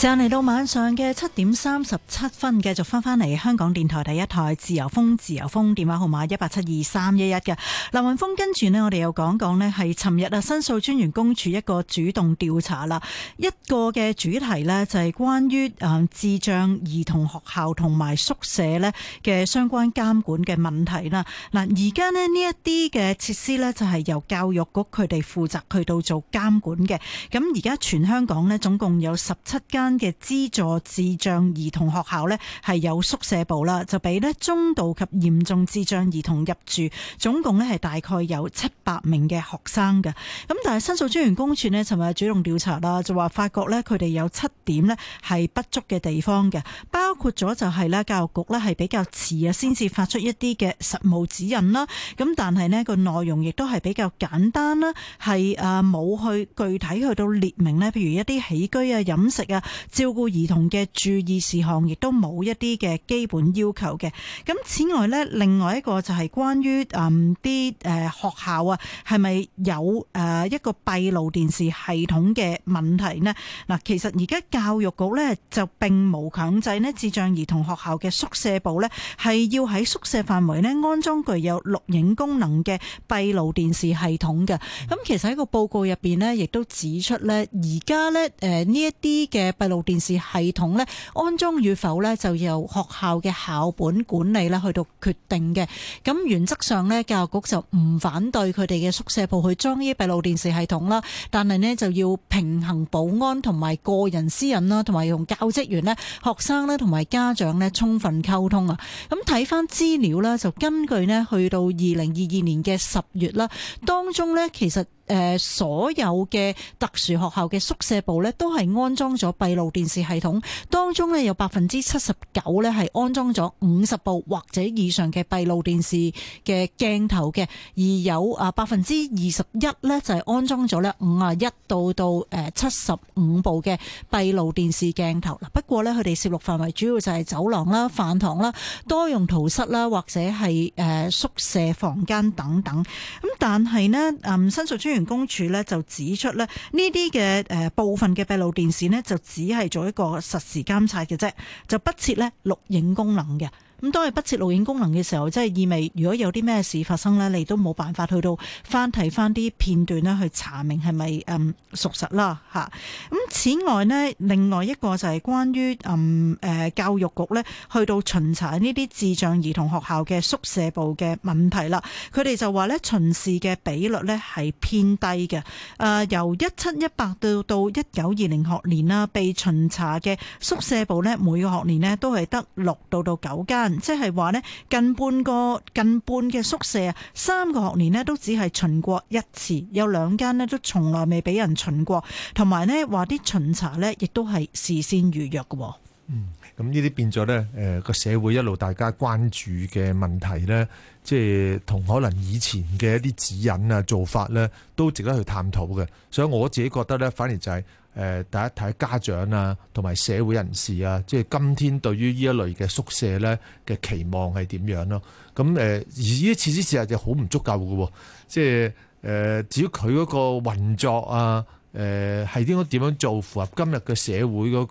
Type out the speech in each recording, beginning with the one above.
就嚟到晚上嘅七點三十七分，繼續翻翻嚟香港電台第一台自由風，自由風電話號碼一八七二三一一嘅林雲峰。跟住呢，我哋又講講呢，係尋日啊，申訴專員公署一個主動調查啦，一個嘅主題呢就係關於啊智障兒童學校同埋宿舍呢嘅相關監管嘅問題啦。嗱，而家呢呢一啲嘅設施呢就係由教育局佢哋負責去到做監管嘅。咁而家全香港呢總共有十七間。嘅資助智障兒童學校呢係有宿舍部啦，就俾呢中度及嚴重智障兒童入住，總共呢係大概有七百名嘅學生嘅。咁但係申訴專員公署呢，尋日主動調查啦，就話發覺呢佢哋有七點呢係不足嘅地方嘅，包括咗就係呢教育局呢係比較遲啊，先至發出一啲嘅實務指引啦。咁但係呢個內容亦都係比較簡單啦，係啊冇去具體去到列明呢，譬如一啲起居啊、飲食啊。照顧兒童嘅注意事項，亦都冇一啲嘅基本要求嘅。咁此外呢，另外一個就係關於誒啲誒學校啊，係咪有誒一個閉路電視系統嘅問題呢？嗱，其實而家教育局呢就並無強制呢，智障兒童學校嘅宿舍部呢係要喺宿舍範圍呢安裝具有錄影功能嘅閉路電視系統嘅。咁、嗯、其實喺個報告入邊呢，亦都指出呢，而家呢誒呢一啲嘅路電視系統呢，安裝與否呢，就由學校嘅校本管理呢去到決定嘅。咁原則上呢，教育局就唔反對佢哋嘅宿舍部去裝呢啲閉路電視系統啦，但係呢，就要平衡保安同埋個人私隱啦，同埋用教職員呢、學生呢、同埋家長呢充分溝通啊。咁睇翻資料呢，就根據呢去到二零二二年嘅十月啦，當中呢，其實。誒所有嘅特殊學校嘅宿舍部咧，都係安裝咗閉路電視系統，當中咧有百分之七十九咧係安裝咗五十部或者以上嘅閉路電視嘅鏡頭嘅，而有啊百分之二十一咧就係、是、安裝咗咧五啊一到到誒七十五部嘅閉路電視鏡頭，嗱，不過咧佢哋攝錄範圍主要就係走廊啦、飯堂啦、多用途室啦，或者係誒宿舍房間等等。咁但係咧，嗯，申訴專員公署呢咧就指出咧，呢啲嘅誒部分嘅閉路電視呢，就只係做一個實時監察嘅啫，就不設呢錄影功能嘅。咁都係不設錄影功能嘅時候，即係意味如果有啲咩事發生呢，你都冇辦法去到翻睇翻啲片段呢，去查明係咪嗯屬實啦嚇。咁此外呢，另外一個就係關於嗯誒、呃、教育局呢，去到巡查呢啲智障兒童學校嘅宿舍部嘅問題啦。佢哋就話呢，巡視嘅比率呢係偏低嘅。誒、呃、由一七一八到到一九二零學年啦，被巡查嘅宿舍部呢，每個學年呢都係得六到到九間。即係話呢，近半個近半嘅宿舍啊，三個學年呢都只係巡過一次，有兩間呢都從來未俾人巡過，同埋呢話啲巡查呢，亦都係事先預約嘅。嗯。咁呢啲變咗咧，誒個社會一路大家關注嘅問題咧，即係同可能以前嘅一啲指引啊、做法咧，都值得去探討嘅。所以我自己覺得咧，反而就係、誒、大家睇下家長啊，同埋社會人士啊，即係今天對於呢一類嘅宿舍咧嘅期望係點樣咯？咁誒而呢次之事就好唔足夠嘅喎，即係誒，至於佢嗰個運作啊，係應該點樣做，符合今日嘅社會嗰、那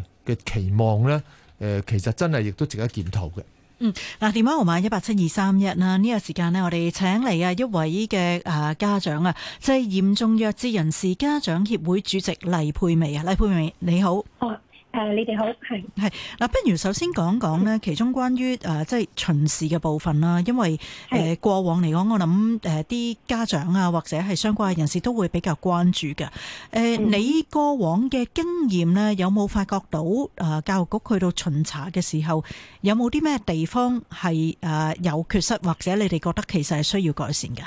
個嘅期望呢，誒、呃、其實真係亦都值得檢討嘅。嗯，嗱，電話號碼一八七二三一啦。呢個時間呢，我哋請嚟啊一位嘅啊家長啊，即係嚴重弱智人士家長協會主席黎沛薇啊，黎沛薇你好。好。誒，你哋好係係嗱，不如首先講講咧，其中關於誒，即係巡視嘅部分啦。因為誒過往嚟講，我諗誒啲家長啊，或者係相關嘅人士都會比較關注嘅。誒，你過往嘅經驗呢，有冇發覺到誒，教育局去到巡查嘅時候，有冇啲咩地方係誒有缺失，或者你哋覺得其實係需要改善㗎？誒、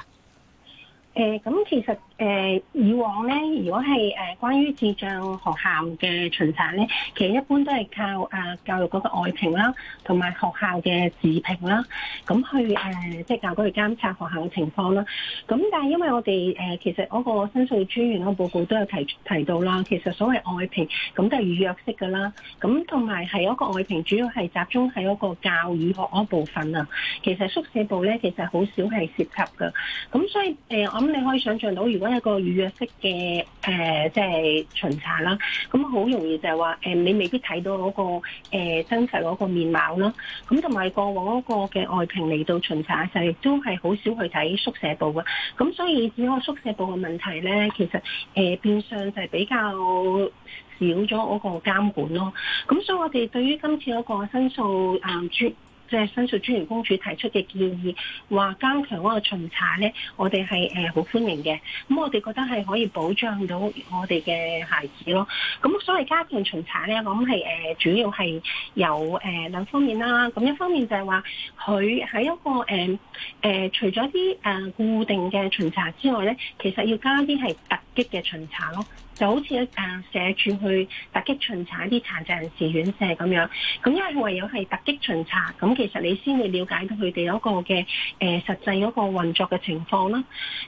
呃，咁其實。誒以往咧，如果係誒關於智障學校嘅巡查咧，其實一般都係靠誒教育局嘅外評啦，同埋學校嘅自評啦，咁去誒即係教育局去監察學校嘅情況啦。咁但係因為我哋誒其實嗰個申訴專員嘅報告都有提提到啦，其實所謂外評咁都係預約式噶啦。咁同埋係嗰個外評主要係集中喺嗰個教與學嗰部分啊。其實宿舍部咧其實好少係涉及噶。咁所以誒，我諗你可以想像到如果一個預約式嘅誒，即、呃、係、就是、巡查啦，咁好容易就係話，誒、呃，你未必睇到嗰、那個誒、呃、真實嗰個面貌啦。咁同埋過往嗰個嘅外評嚟到巡查就亦、是、都係好少去睇宿舍部嘅，咁所以只係宿舍部嘅問題咧，其實誒、呃、變相就係比較少咗嗰個監管咯。咁所以我哋對於今次嗰個申訴誒、呃即、係申訴專員公署提出嘅建議，話加強嗰個巡查咧，我哋係誒好歡迎嘅。咁我哋覺得係可以保障到我哋嘅孩子咯。咁所謂加強巡查咧，咁係誒主要係有誒兩方面啦。咁一方面就係話佢喺一個誒誒除咗啲誒固定嘅巡查之外咧，其實要加啲係突擊嘅巡查咯。就好似誒社署去突擊巡查一啲殘疾人士院舍咁樣，咁因為唯有係突擊巡查，咁其實你先會了解到佢哋嗰個嘅、呃、實際嗰個運作嘅情況啦。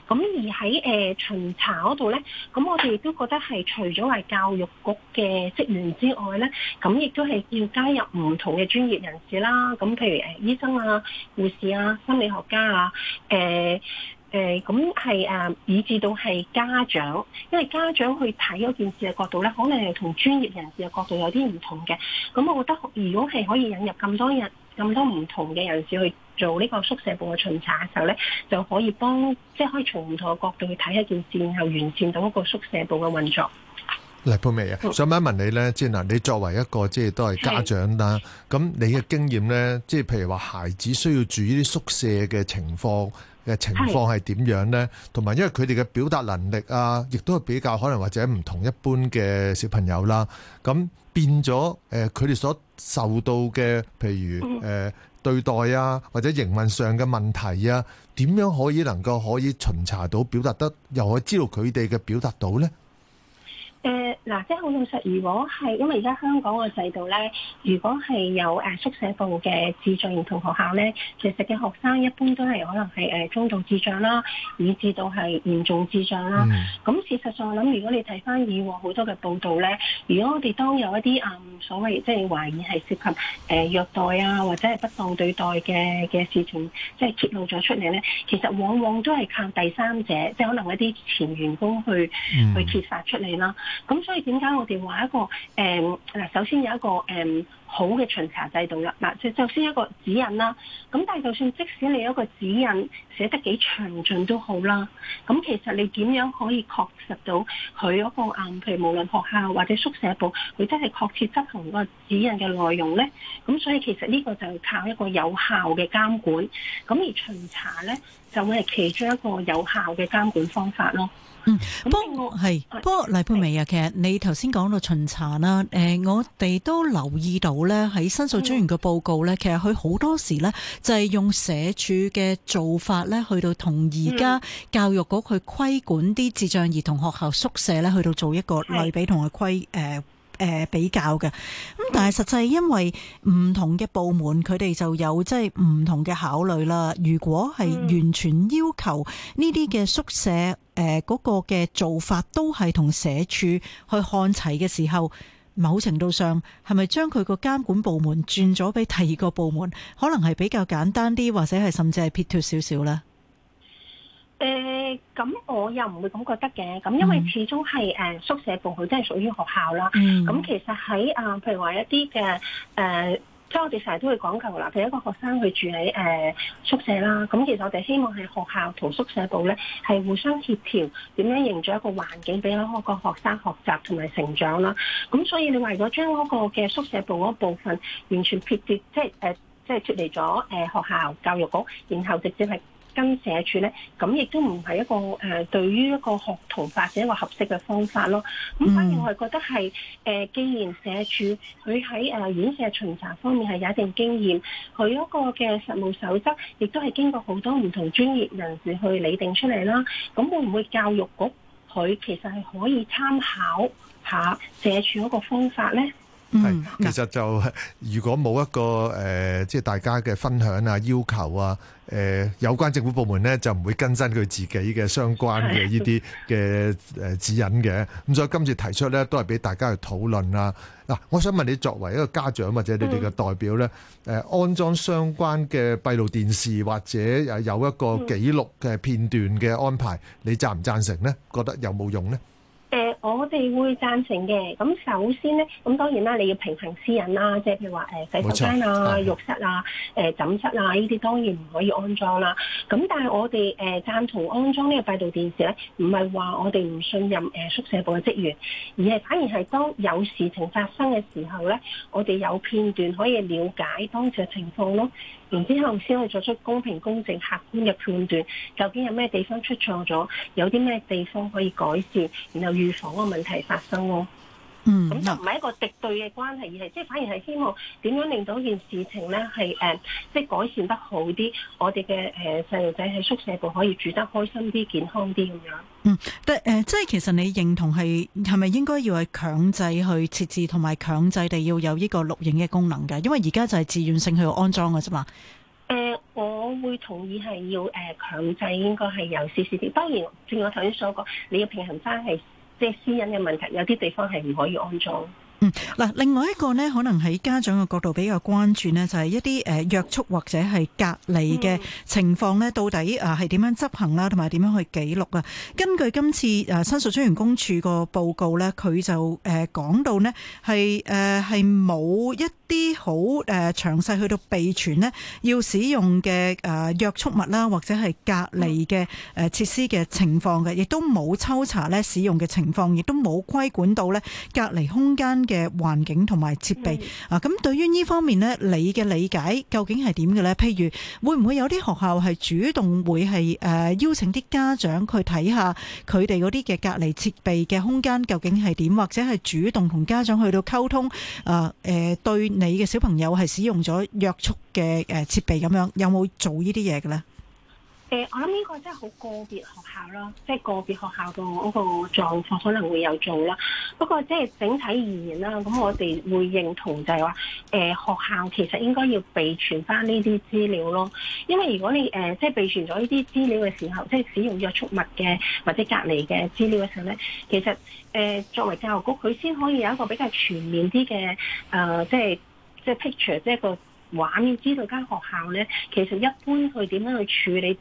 咁而喺、呃、巡查嗰度咧，咁我哋亦都覺得係除咗係教育局嘅職員之外咧，咁亦都係要加入唔同嘅專業人士啦。咁譬如、呃、醫生啊、護士啊、心理學家啊、呃誒、嗯，咁係誒，以至到係家長，因為家長去睇嗰件事嘅角度咧，可能係同專業人士嘅角度有啲唔同嘅。咁我覺得，如果係可以引入咁多人咁多唔同嘅人士去做呢個宿舍部嘅巡查嘅時候咧，就可以幫，即係可以從唔同嘅角度去睇一件事，然後完善到一個宿舍部嘅運作。嗱，沛薇啊，想問一問你咧，即係嗱，你作為一個即係都係家長啦，咁你嘅經驗咧，即係譬如話孩子需要住呢啲宿舍嘅情況。嘅情況係點樣呢？同埋因為佢哋嘅表達能力啊，亦都係比較可能或者唔同一般嘅小朋友啦。咁變咗誒，佢哋、呃、所受到嘅譬如誒、呃、對待啊，或者營運上嘅問題啊，點樣可以能夠可以巡查到表達得，又可以知道佢哋嘅表達到呢？誒、呃、嗱，即係好老實。如果係因為而家香港個制度咧，如果係有誒宿舍部嘅智障兒童學校咧，其實嘅學生一般都係可能係、呃、中度智障啦，以至到係嚴重智障啦。咁、嗯、事實上，我諗如果你睇翻以往好多嘅報道咧，如果我哋當有一啲啊、嗯、所謂即係懷疑係涉及、呃、虐待啊，或者係不當對待嘅嘅事情，即係揭露咗出嚟咧，其實往往都係靠第三者，即係可能一啲前員工去、嗯、去揭發出嚟啦。咁所以點解我哋話一個誒嗱，首先有一個誒、嗯、好嘅巡查制度啦，嗱就首先一個指引啦。咁但係就算即使你一個指引寫得幾詳盡都好啦，咁其實你點樣可以確實到佢嗰、嗰個硬盤，譬如無論學校或者宿舍部，佢真係確切執行個指引嘅內容咧？咁所以其實呢個就係靠一個有效嘅監管。咁而巡查咧，就會係其中一個有效嘅監管方法咯。嗯，不係，不過黎沛薇啊，其實你頭先講到巡查啦，誒、呃，我哋都留意到咧，喺申訴專員嘅報告咧，其實佢好多時咧就係用社署嘅做法咧，去到同而家教育局去規管啲智障兒童學校宿舍咧，去到做一個類比同嘅規誒。呃誒比較嘅，咁但係實際因為唔同嘅部門，佢哋就有即係唔同嘅考慮啦。如果係完全要求呢啲嘅宿舍誒嗰個嘅做法都係同社署去看齊嘅時候，某程度上係咪將佢個監管部門轉咗俾第二個部門，可能係比較簡單啲，或者係甚至係撇脱少少咧？誒、欸、咁我又唔會咁覺得嘅，咁因為始終係誒、嗯呃、宿舍部佢都係屬於學校啦。咁、嗯、其實喺啊，譬如話一啲嘅誒，即、呃、係我哋成日都會講究啦。譬如一個學生佢住喺誒、呃、宿舍啦，咁其實我哋希望係學校同宿舍部咧係互相協調，點樣營造一個環境俾嗰個學生學習同埋成長啦。咁所以你為咗將嗰個嘅宿舍部嗰部分完全撇脱即係、呃、即係脱離咗誒、呃、學校教育局，然後直接係，跟社署咧，咁亦都唔係一個誒、呃，對於一個學徒或者一個合適嘅方法咯。咁反而我係覺得係誒、呃，既然社署佢喺誒院舍巡查方面係有一定經驗，佢嗰個嘅實務守則，亦都係經過好多唔同專業人士去擬定出嚟啦。咁會唔會教育局佢其實係可以參考下社署嗰個方法咧？係，其實就如果冇一個誒，即、呃、係大家嘅分享啊、要求啊，誒、呃，有關政府部門呢就唔會更新佢自己嘅相關嘅呢啲嘅誒指引嘅。咁所以今次提出呢都係俾大家去討論啦。嗱、啊，我想問你，作為一個家長或者你哋嘅代表呢，誒，安裝相關嘅閉路電視或者有一個紀錄嘅片段嘅安排，你贊唔贊成呢？覺得有冇用呢？我哋會贊成嘅，咁首先呢，咁當然啦，你要平衡私隱啦，即係譬如話洗手間啊、浴室啊、呃、枕室啊呢啲當然唔可以安裝啦。咁但係我哋誒、呃、贊同安裝呢個閉路電視呢，唔係話我哋唔信任誒、呃、宿舍部嘅職員，而係反而係當有事情發生嘅時候呢，我哋有片段可以了解當時嘅情況咯。然之後先可以作出公平、公正、客觀嘅判斷，究竟有咩地方出錯咗，有啲咩地方可以改善，然後預防個問題發生咯。嗯，咁就唔係一個敵對嘅關係，嗯，而係即係反而係希望點樣令到件事情咧係誒，即、嗯、係、即係、改善得好啲，我哋嘅誒細路仔喺宿舍度可以住得開心啲、健康啲咁樣。嗯，但誒、呃，即係其實你認同係係咪應該要係強制去設置同埋強制地要有呢個錄影嘅功能㗎？因為而家就係自願性去安裝嘅啫嘛。誒、嗯，我會同意係要誒強、呃、制應該是事事，應該係有少少啲。當然，正如我頭先所講，你要平衡翻係。即係私隱嘅問題，有啲地方係唔可以安裝。嗯，嗱，另外一個咧，可能喺家長嘅角度比較關注咧，就係一啲誒約束或者係隔離嘅情況咧，到底啊係點樣執行啦，同埋點樣去記錄啊？根據今次誒申訴專員公署個報告咧，佢就誒講到咧係誒係冇一啲好誒詳細去到備存咧，要使用嘅誒約束物啦，或者係隔離嘅誒設施嘅情況嘅，亦都冇抽查咧，使用嘅情況，亦都冇規管到咧，隔離空間嘅環境同埋設備、嗯、啊。咁對於呢方面咧，你嘅理解究竟係點嘅咧？譬如會唔會有啲學校係主動會係誒、呃、邀請啲家長去睇下佢哋嗰啲嘅隔離設備嘅空間究竟係點，或者係主動同家長去到溝通啊？誒、呃呃、對。你嘅小朋友係使用咗約束嘅誒設備咁樣，有冇做呢啲嘢嘅咧？誒、欸，我諗呢個真係好個別學校咯，即、就、係、是、個別學校個嗰個狀況可能會有做啦。不過即係整體而言啦，咁我哋會認同就係話，誒、欸、學校其實應該要備存翻呢啲資料咯。因為如果你誒即係備存咗呢啲資料嘅時候，即、就、係、是、使用約束物嘅或者隔離嘅資料嘅時候咧，其實誒、欸、作為教育局，佢先可以有一個比較全面啲嘅誒，即、呃、係。就是即、就、係、是、picture，即係個畫面，知道間學校咧，其實一般佢點樣去處理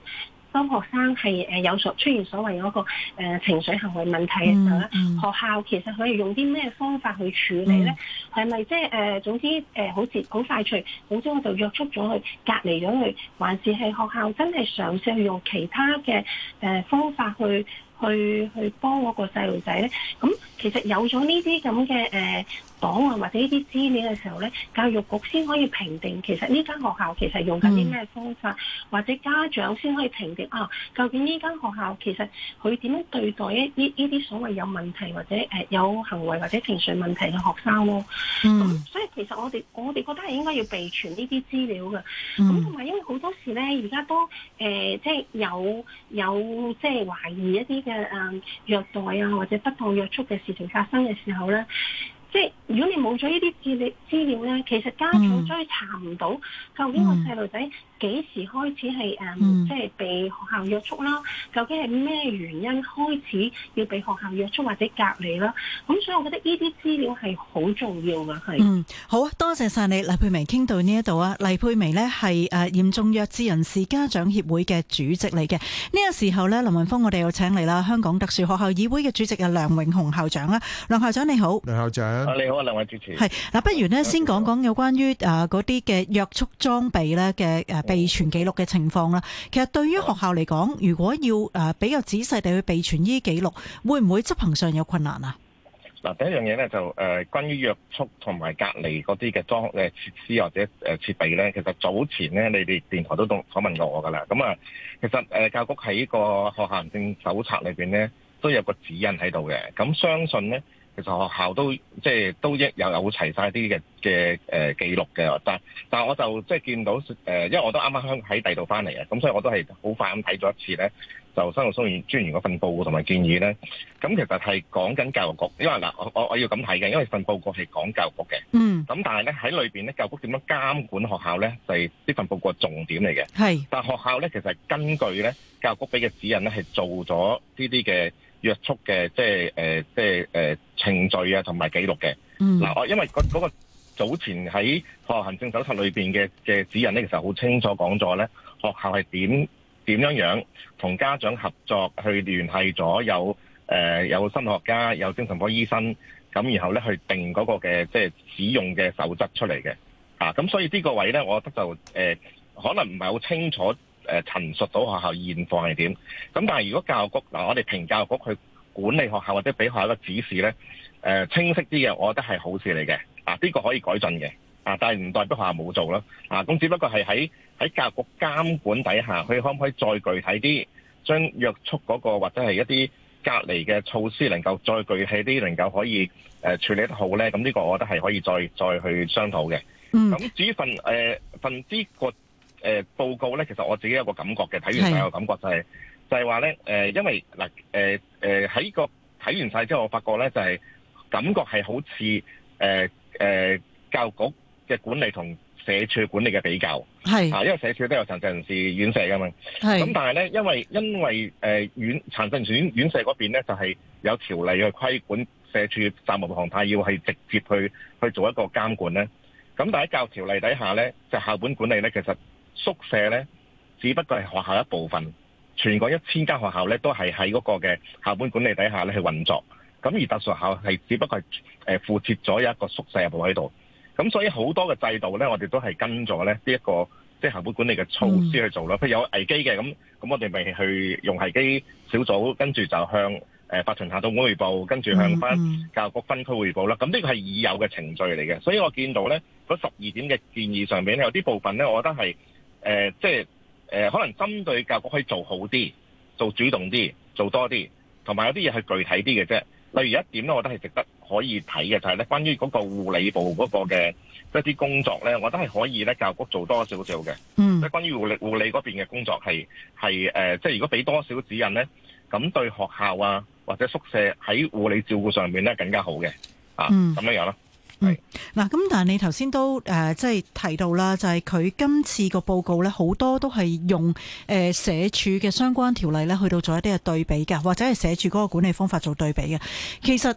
當學生係誒有所出現所謂嗰個誒情緒行為問題嘅時候咧、嗯嗯，學校其實可以用啲咩方法去處理咧？係咪即係誒，總之誒，好似好快脆，總之我就約束咗佢隔離咗佢，還是係學校真係嘗試去用其他嘅誒方法去？去去幫嗰個細路仔咧，咁其實有咗呢啲咁嘅誒檔案或者呢啲資料嘅時候咧，教育局先可以評定其實呢間學校其實用緊啲咩方法，嗯、或者家長先可以評定啊，究竟呢間學校其實佢點樣對待一呢啲所謂有問題或者誒有行為或者情緒問題嘅學生咯？咁、嗯、所以其實我哋我哋覺得係應該要備存呢啲資料嘅。咁同埋因為好多時咧，而家都誒即係有有即係、即係、懷疑一啲嘅誒虐待啊，或者不當約束嘅事情發生嘅時候咧，即係如果你冇咗呢啲智力資料咧，其實家長追查唔到，究竟個細路仔。幾時開始係誒、嗯嗯，即係被學校約束啦？究竟係咩原因開始要被學校約束或者隔離啦？咁所以，我覺得呢啲資料係好重要噶，係。嗯，好多謝晒你，黎沛薇傾到呢一度啊！黎沛薇呢係誒、啊、嚴重弱智人士家長協會嘅主席嚟嘅。呢、這個時候呢，林文峰我哋又請嚟啦香港特殊學校議會嘅主席啊，梁永鴻校長啦。梁校長你好。梁校長，啊、你好啊，兩位主持。係嗱、啊，不如呢先講講有關於誒嗰啲嘅約束裝備咧嘅誒。啊備存記錄嘅情況啦，其實對於學校嚟講，如果要誒比較仔細地去備存依記錄，會唔會執行上有困難啊？嗱，第一樣嘢咧就誒，關於約束同埋隔離嗰啲嘅裝誒設施或者誒設備咧，其實早前咧，你哋電台都同訪問過我噶啦。咁啊，其實誒教局喺個學校行政手冊裏邊咧，都有個指引喺度嘅。咁相信咧。其實學校都即係都有齊一有有齊晒啲嘅嘅誒記錄嘅，但但我就即係見到誒、呃，因為我都啱啱喺第度翻嚟嘅，咁所以我都係好快咁睇咗一次咧，就申訴專員嗰份報告同埋建議咧，咁其實係講緊教育局，因為嗱我我我要咁睇嘅，因為份報告係講教育局嘅，嗯，咁但係咧喺裏邊咧，教育局點樣監管學校咧，就係、是、呢份報告重點嚟嘅，係，但學校咧其實根據咧教育局俾嘅指引咧，係做咗呢啲嘅。約束嘅即係誒，即係誒程序啊，同埋記錄嘅。嗱，我因為嗰個早前喺學校行政手冊裏邊嘅嘅指引咧，其實好清楚講咗咧，學校係點點樣樣同家長合作去聯繫咗有誒、呃、有心理學家、有精神科醫生，咁然後咧去定嗰個嘅即係使用嘅守則出嚟嘅。啊，咁所以呢個位咧，我覺得就誒、呃、可能唔係好清楚。誒、呃、陳述到學校現況係點？咁但係如果教育局嗱、呃，我哋評教育局去管理學校或者俾學校一個指示咧，誒、呃、清晰啲嘅，我覺得係好事嚟嘅。啊，呢、這個可以改進嘅。啊，但係唔代表學校冇做囉。啊，咁只不過係喺喺教育局監管底下，佢可唔可以再具體啲將約束嗰、那個或者係一啲隔離嘅措施能夠再具體啲，能夠可以誒、呃、處理得好咧？咁呢個我覺得係可以再再去商討嘅。咁至於份誒份之誒、呃、報告咧，其實我自己有個感覺嘅，睇完晒個感覺就係、是、就係話咧，誒、呃，因為嗱，誒誒喺個睇完晒之後，我發覺咧就係、是、感覺係好似誒誒教育局嘅管理同社署管理嘅比較係啊，因為社署都有殘疾人士院舍噶嘛，係咁、嗯，但係咧，因為因為誒、呃、院殘疾人士院舍嗰邊咧，就係、是、有條例去規管，社署責無旁貸要係直接去去做一個監管咧。咁但係喺教育條例底下咧，就校本管理咧，其實。宿舍呢，只不過係學校一部分。全國一千間學校呢，都係喺嗰個嘅校本管理底下呢去運作。咁而特殊學校係只不過係誒附設咗一個宿舍部喺度。咁所以好多嘅制度呢，我哋都係跟咗呢呢一個即係、就是、校本管理嘅措施去做啦。Mm. 譬如有危機嘅咁，咁我哋咪去用危機小組，跟住就向誒法團校董會匯報，跟住向翻教育局分區匯報啦。咁呢個係已有嘅程序嚟嘅。所以我見到呢，嗰十二點嘅建議上面，有啲部分呢，我覺得係。誒、呃，即係誒、呃，可能針對教育局可以做好啲，做主動啲，做多啲，同埋有啲嘢係具體啲嘅啫。例如一點咧，就是，我覺得係值得可以睇嘅，就係咧關於嗰個護理部嗰個嘅一啲工作咧，我覺得係可以咧教育局做多少少嘅。嗯，即係關於護理護理嗰邊嘅工作係係誒，即係如果俾多少指引咧，咁對學校啊或者宿舍喺護理照顧上面咧更加好嘅啊，咁、嗯、樣樣嗱，咁但係你頭先都誒，即係提到啦，就係、是、佢今次個報告咧，好多都係用誒社署嘅相關條例咧，去到做一啲嘅對比嘅，或者係寫住嗰個管理方法做對比嘅，其實。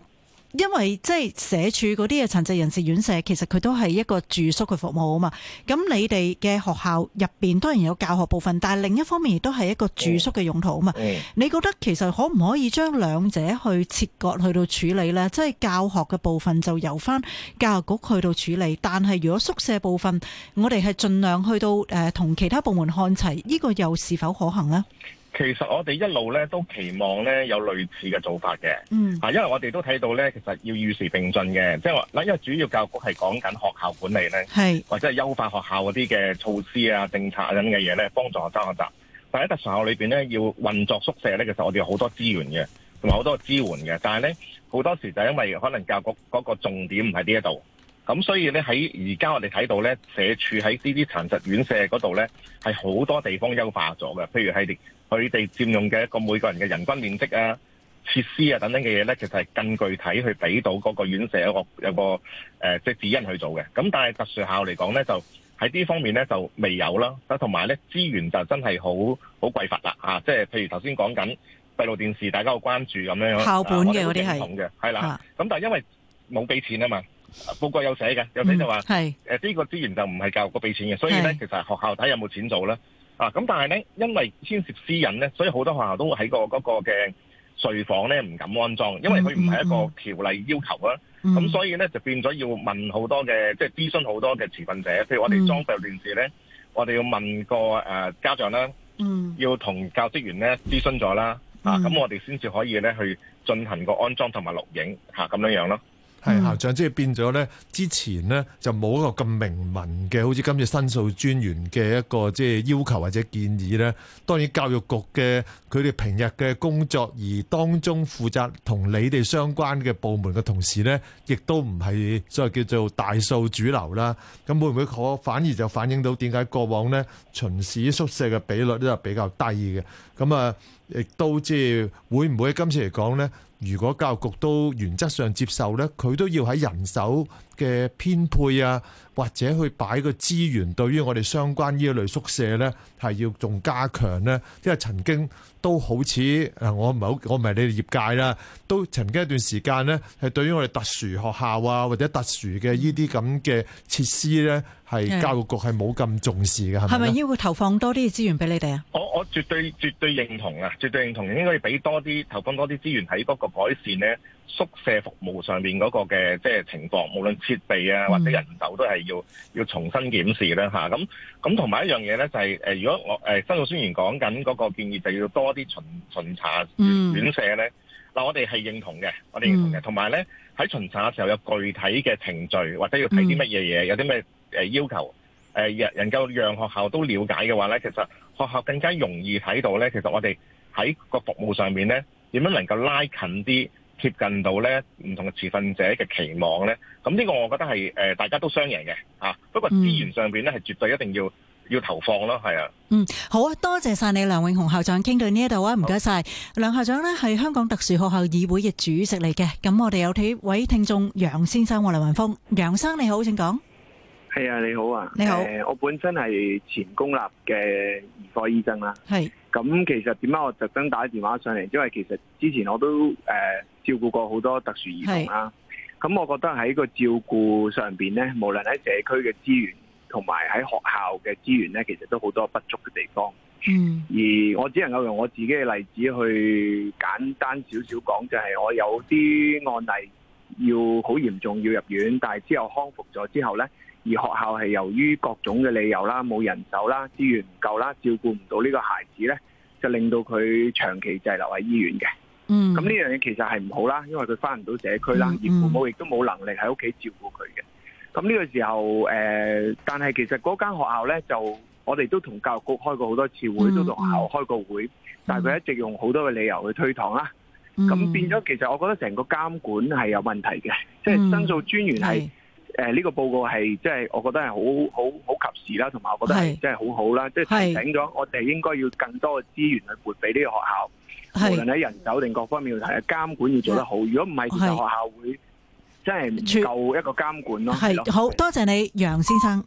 因為即係社署嗰啲嘅殘疾人士院舍，其實佢都係一個住宿嘅服務啊嘛。咁你哋嘅學校入邊當然有教學部分，但係另一方面亦都係一個住宿嘅用途啊嘛。你覺得其實可唔可以將兩者去切割去到處理呢？即係教學嘅部分就由返教育局去到處理，但係如果宿舍部分，我哋係盡量去到誒同、呃、其他部門看齊，呢、這個又是否可行呢？其實我哋一路咧都期望咧有類似嘅做法嘅，嗯，吓，因為我哋都睇到咧，其實要與時並進嘅，即係話嗱，因為主要教育局係講緊學校管理咧，係或者係優化學校嗰啲嘅措施啊、政策等嘅嘢咧，幫助學生學習。但喺特殊學校裏邊咧，要運作宿舍咧，其實我哋有好多資源嘅，同埋好多支援嘅，但係咧好多時就係因為可能教育局嗰個重點唔喺呢一度。咁、嗯、所以咧，喺而家我哋睇到咧，社署喺呢啲殘疾院舍嗰度咧，係好多地方優化咗嘅。譬如係佢哋佔用嘅一個每個人嘅人均面積啊、設施啊等等嘅嘢咧，其實係更具體去俾到嗰個院舍有一個有一個誒即係指引去做嘅。咁、嗯、但係特殊校嚟講咧，就喺呢方面咧就未有啦。同埋咧資源就真係好好匱乏啦嚇，即、啊、係譬如頭先講緊閉路電視，大家有關注咁樣校本嘅嗰啲係，係啦。咁、啊、但係因為冇俾錢啊嘛。報告有寫嘅，有寫就話，誒、嗯，呢、呃這個資源就唔係教育局俾錢嘅，所以咧，其實係學校睇有冇錢做啦。啊，咁但係咧，因為牽涉私隱咧，所以好多學校都喺、那個嗰、那個嘅睡房咧唔敢安裝，因為佢唔係一個條例要求啦。咁、嗯嗯、所以咧就變咗要問好多嘅，即係諮詢好多嘅持份者，譬如我哋裝備電視咧，我哋要問個誒、呃、家長啦，嗯、要同教職員咧諮詢咗啦。啊，咁、嗯啊、我哋先至可以咧去進行個安裝同埋錄影吓咁、啊、樣樣咯。係校長，即係變咗咧。之前咧就冇一個咁明文嘅，好似今次申訴專員嘅一個即係要求或者建議咧。當然教育局嘅佢哋平日嘅工作而當中負責同你哋相關嘅部門嘅同事咧，亦都唔係所謂叫做大數主流啦。咁會唔會可反而就反映到點解過往咧巡視宿舍嘅比率都係比較低嘅？咁啊，亦都即係會唔會今次嚟講咧？如果教育局都原則上接受呢，佢都要喺人手嘅編配啊，或者去擺個資源，對於我哋相關依一類宿舍咧，係要仲加強咧。因為曾經都好似啊，我唔係好，我唔係你哋業界啦，都曾經一段時間咧，係對於我哋特殊學校啊，或者特殊嘅依啲咁嘅設施咧，係教育局係冇咁重視嘅。係咪要投放多啲資源俾你哋啊？我我絕對絕對認同啊！絕對認同應該俾多啲投放多啲資源喺嗰個改善咧，宿舍服務上面嗰個嘅即係情況，無論設備啊或者人手都係要要重新檢視、啊、啦嚇。咁咁同埋一樣嘢咧就係、是呃、如果我誒申訴專員講緊嗰個建議，就要多啲巡巡查院舍咧。嗱，我哋係認同嘅，我哋認同嘅。同埋咧喺巡查嘅時候有具體嘅程序，或者要睇啲乜嘢嘢，有啲咩要求，誒能夠讓學校都了解嘅話咧，其實學校更加容易睇到咧。其實我哋喺個服務上面咧，點樣能夠拉近啲？接近到咧唔同嘅持份者嘅期望咧，咁呢個我覺得係誒大家都雙贏嘅啊。不過資源上邊咧係絕對一定要要投放咯，係啊。嗯，好啊，多謝晒你梁永鴻校長傾到呢一度啊，唔該晒梁校長咧，係香港特殊學校議會嘅主席嚟嘅。咁我哋有幾位聽眾楊先生，我梁云峰，楊生你好，請講。係啊，你好啊，你好，我本身係前公立嘅兒科醫生啦，係。咁其實點解我特登打電話上嚟？因為其實之前我都誒、呃、照顧過好多特殊兒童啦。咁我覺得喺個照顧上面，咧，無論喺社區嘅資源同埋喺學校嘅資源咧，其實都好多不足嘅地方。嗯。而我只能夠用我自己嘅例子去簡單少少講，就係、是、我有啲案例要好嚴重要入院，但係之後康復咗之後咧。而學校係由於各種嘅理由啦，冇人手啦，資源唔夠啦，照顧唔到呢個孩子咧，就令到佢長期滯留喺醫院嘅。嗯，咁呢樣嘢其實係唔好啦，因為佢翻唔到社區啦，而父母亦都冇能力喺屋企照顧佢嘅。咁呢個時候，誒，但係其實嗰間學校咧，就我哋都同教育局開過好多次會，都同學校開過會，但係佢一直用好多嘅理由去推搪啦。咁變咗，其實我覺得成個監管係有問題嘅，即係申訴專員係。誒、這、呢個報告係即係我覺得係好好好及時啦，同埋我覺得係即係好好啦，即係、就是、提醒咗我哋應該要更多嘅資源去撥俾呢個學校，無論喺人手定各方面要睇，監管要做得好。如果唔係，其實學校會即係唔夠一個監管咯。係，好多謝你，楊先生。